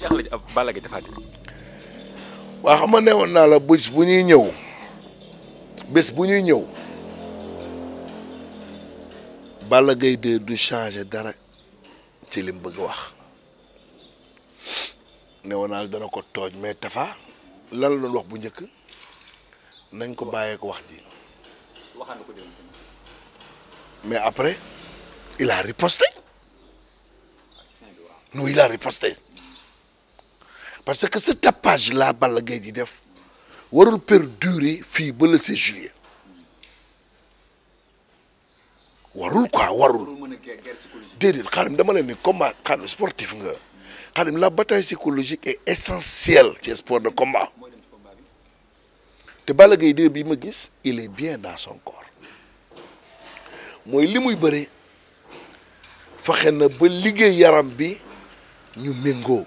jaaxle ji ab Balla Gaye Tapha waa xam nga ne woon naa la bés bu ñuy ñëw bés bu ñuy ñëw Balla Gaye du changer dara ci lim bëgg wax ne naa la dana ko tooj mais Tapha lan la doon wax bu njëkk nañ ko bàyyee wax ji. mais après il a riposté. Ah, non il parce que ce tapage la Balla Gaye di def warul perdurer fii ba le 16 juillet warul quoi warul déedéet xaalim dama ni combat xaalim sportif nga xaalim la bataille psychologique est essentielle ci sport de combat te Balla Gaye 2 bi ma gis il est bien dans son corps mooy li muy bëre fexe na ba liggéey yaram bi ñu méngoo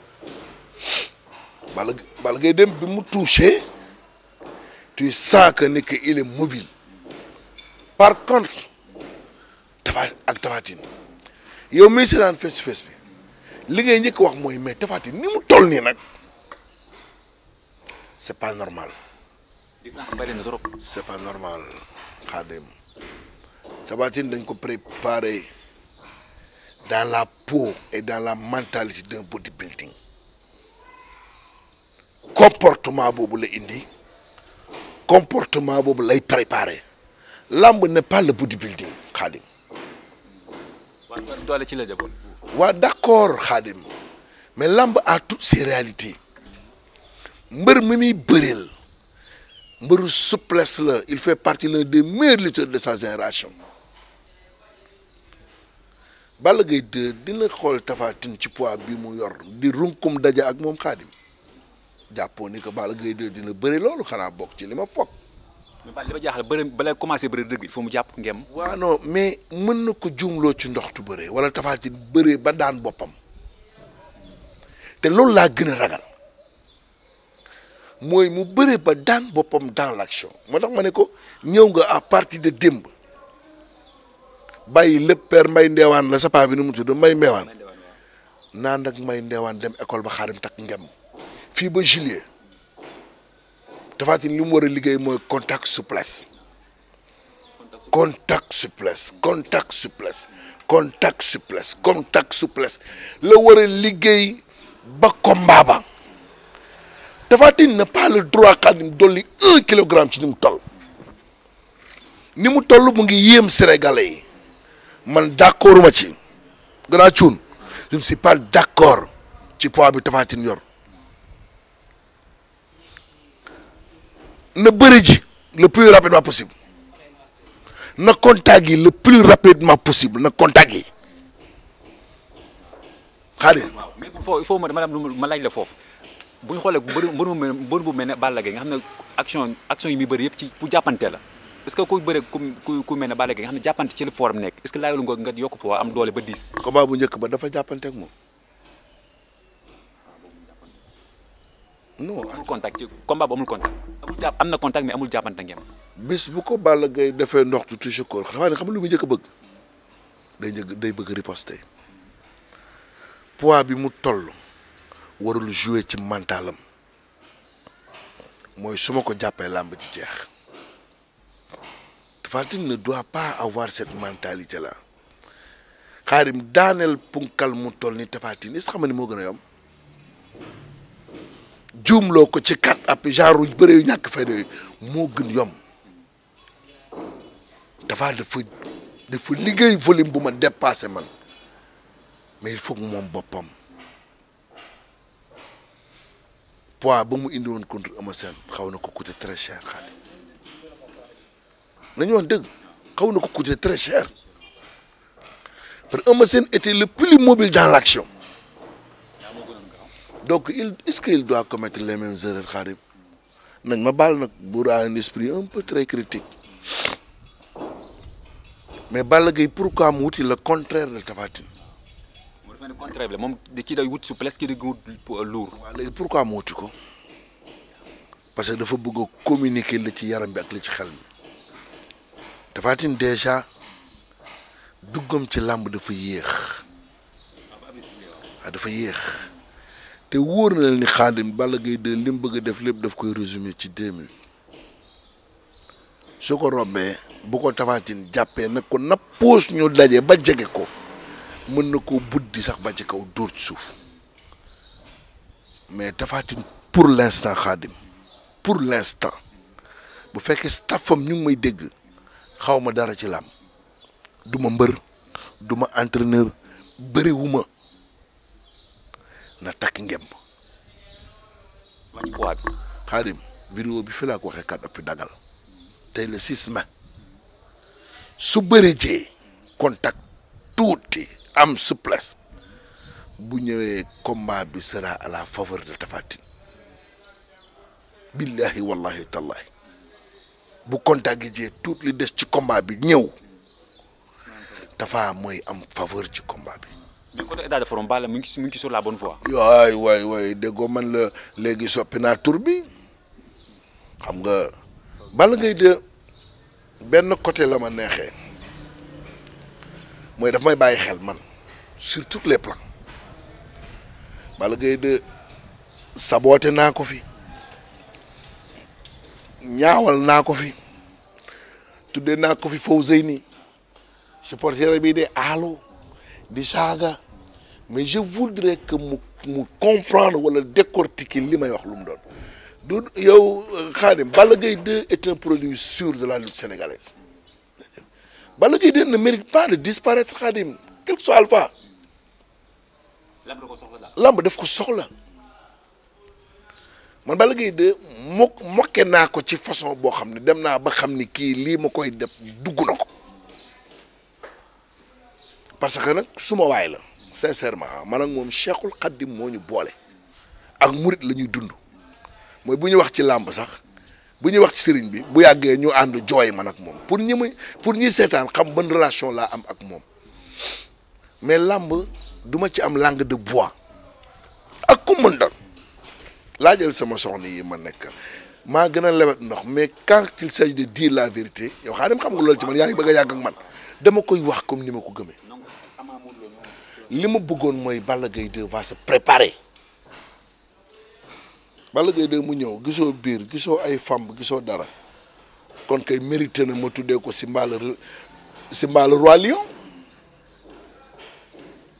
Balla Balla Gaye dem bi mu touché tu sens que ni que il est mobile par contre ak Tapha yow mii si daan face to face bi li ngay njëkk wax mooy mais Tapha Tine ni mu toll nii nag c'est pas normal. différence bari na trop. c'est normal Khadim dañ ko préparer dans la peau et dans la mentalité d'un bodybuilder comportement boobu la indi comportement boobu lay préparé lamb n'est pas le bodybuilding Khadim. ci la jëboon. waaw d'accord Khadim mais làmb a toutes ses réalités mbër mi muy bëreel mbëru souplesse la il fait partie l'un des meilleurs de sa génération. Balla Gaye 2 dina xool Tapha ci poids bi mu yor di runkum daja ak moom Khadim. jàppoo ni que Balla Gaye 2 dina bëri loolu xanaa bokk ci li ma foog. mais Balla li ma jaaxal bëri commencé bëri dëgg il mu jàpp ngem. waaw non mais mën na ko juumloo ci ndox ndoxtu bëree wala tafaati bëree ba daan boppam te loolu laa gën a ragal mooy mu bëree ba daan boppam dans l'action moo tax ma ne ko ñëw nga à partir de démb bàyyi lépp père mbay ndeewaan la sa bi nu mu tudd mbay ndeewaan naan nag mbay ndeewaan dem école ba xaarim takk ngem. fii ba juillet Tapha Tine li mu war a liggéey mooy contact souplesse contact souplesse contact souplesse contact souplesse contact souplesse la war a liggéey ba combat ba Tapha Tine n'a pas le droit xaadim dolli un kilogramme ci ni mu toll ni mu toll mu ngi yéem Sénégalais yi man d'accord ma ci gannaaw cuun je ne suis pas d'accord ci poids bi Tapha yor na bëri ji le plus rapidement possible na contact yi le plus rapidement possible na contact yi xaaral. waaw il faut ma madame ma laaj la foofu bu ñu xoolee bëri mbëru bu mel ne Balla nga xam ne action action yi muy bëri yëpp ci bu jàppante la est que kuy bëre ku ku mel ne Balla nga xam ne jàppante ci la forme nekk est-ce que laajul nga nga yokk poids am doole ba 10. combat bu njëkk ba dafa jàppante ak moom. non amul contact ci combat amul contact. am na contact mais amul jàppante ngeen. bu ko Balla Gaye defee ndox tu touché ko xam ne lu mu njëkk a bëgg day njëkk day bëgg riposter poids bi mu toll warul jouer ci mentalam mooy su ma ko jàppee làmb ci jeex Tapha Tine ne doit pas avoir cette mentalité là xaarim daaneel punkal mu toll ni Tapha Tine is xam ne moo gën a yom juumloo ko ci kat ab genre yu bëre yu ñàkk fayda yooyu moo gën yomb dafa dafa dafa liggéey volume bu ma dépassé ma mais il faut moom boppam poids ba mu indi woon contre Eumeu Sène xaw na ko coûter très cher xaali nañu wax dëgg xaw na ko coûter très cher parce que seen Sène le plus mobile dans l'action donc il est-ce qu'il doit commettre les mêmes erreurs Karim nañ ma baal nag Bour a un esprit un peu très critique mais Balla Gaye pourquoi mu wuti le contraire de contraire bi la moom kii day wut souplesse kii di wut lourd. waaw léegi pourquoi mu wuti ko parce que dafa bëgg a communiquer la ci yaram bi ak li ci xel mi Tapha déjà duggam ci làmb dafa yéex. Ah, ah, dafa yéex. te wóor na leen ni xaadim Balla Gaye de li bëgg a def lépp daf koy résumer ci deux minutes su ko rombee bu ko tafaatin jàppee nag ko na poos ñu daje ba jege ko mën na koo buddi sax ba ci kaw dóor ci suuf mais tafaatin pour l'instant xaadim pour l'instant bu fekkee staffam ñu ngi may dégg xaw ma dara ci làmb du ma mbër du ma entraîneur bëriwu ma na takk ngemb. man poids bi. xaarim vidéo bi fi dagal. tey le 6 mai. su bëree jee contact tuuti am souplesse bu ñëwee combat bi sera à la faveur de Tapha Tine billahi bu contact gi jee tuut li des ci combat bi ñëw Tapha mooy am faveur ci combat bi. mais côté état de forme Balla mu ngi ci mu ngi ci sur la bonne voie. waay waay waay déggoo man la léegi soppi naa tur bi xam nga Balla Gaye de benn côté la ma neexee mooy daf may bàyyi xel man surtout tous les plans Balla Gaye de saboote naa ko fi ñaawal naa ko fi tuddee naa ko fi Fawzeyni supporter bii de aalu di saaga mais je voudrais que mu mu comprendre wala décortiquer li may wax lu mu doon du yow Khadim Balla Gaye 2 est produit sûr de la lutte sénégalaise Balla Gaye 2 ne mérite pas de disparaître Khadim quel que soit alpha lamb def ko soxla man Balla Gaye 2 mo mokke naa ko ci façon boo xam ne dem naa ba xam ni kii lii ma koy def dugg na ko parce que nag suma waay la sincèrement man ak moom xat di moo ñu boole ak murit la ñuy dund mooy bu ñu wax ci làmb sax bu ñuy wax ci sëriñ bi bu yàggee ñu ànd jooy man ak moom pour ñi muy pour ñi seetaan xam ban relation laa am ak moom mais làmb duma ci am langue de bois ak ku mën doon laa jël sama soxna yi ma nekk maa gën a lewet ndox mais quand il s'agit de dire la vérité yow Xaadim xam nga loolu ci man yaa ngi nga a yàgg ak man dama koy wax comme ni ma ko gëmee li ma bëggoon mooy Balla gay 2 va se préparer Balla Gaye 2 mu ñëw gisoo biir gisoo ay fàmb gisoo dara kon kay mérité na ma tuddee ko si mbaala si mbaala roi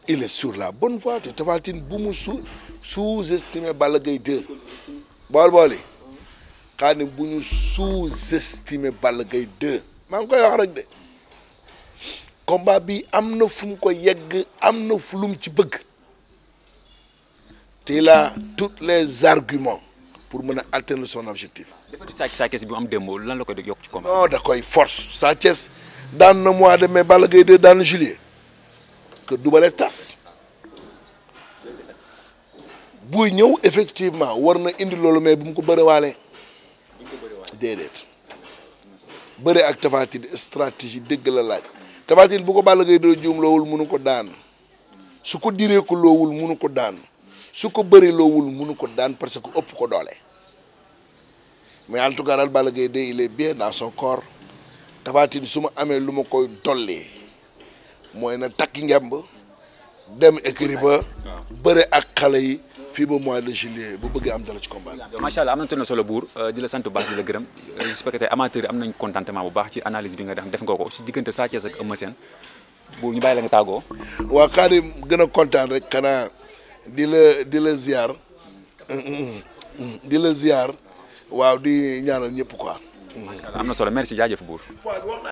il est sur la bonne voie te Tapha Tine bu mu su sous-estimé Balla Gaye 2 bool booli xaani bu ñu sous-estimé Balla Gaye 2 maa ngi koy wax rek de combat bi am na fu mu ko yegg am na fu lum ci bëgg te il a tous les arguments pour mën a atteindre son objectif. dafa di Sa Thiès bi am démb lan la koy yokk ci combat. non da koy force Sa Thiès daan na mois de mais Balla Gaye 2 daan na juillet que Double Less tas buy ñëw effectivement war na indi loolu mais bu mu ko bëriwaalee. déedéet bëri ak tafaati stratégie dëgg la laaj. Tapha Tine bu ko Balla Gaye doo juum loowul munu ko daan su ko diree ko loowul munu ko daan su ko bëri loowul munu ko daan parce que ëpp ko doole mais en tout gaa daal Balla Gaye de il est bien dans son corps Tapha su ma amee lu ma koy dolli mooy na takki njamb dem écurie ba bëre ak xale yi fii ba mois de juillet bu bëggee am dara ci combat bi. macha allah am na toll solo buur euh, di la sant bu baax di la gërëm euh, j'espère que tey amateurs yi am nañu contentement bu baax ci analyse bi nga def nga ko si diggante Sa Thiès ak Eumeu Sène bu ñu bàyyi la nga taagoo waa Karim gën a kontaan rek xanaa di la di la ziar di la ziar waaw di ñaanal ñëpp quoi. macha am na solo merci jaajëf buur.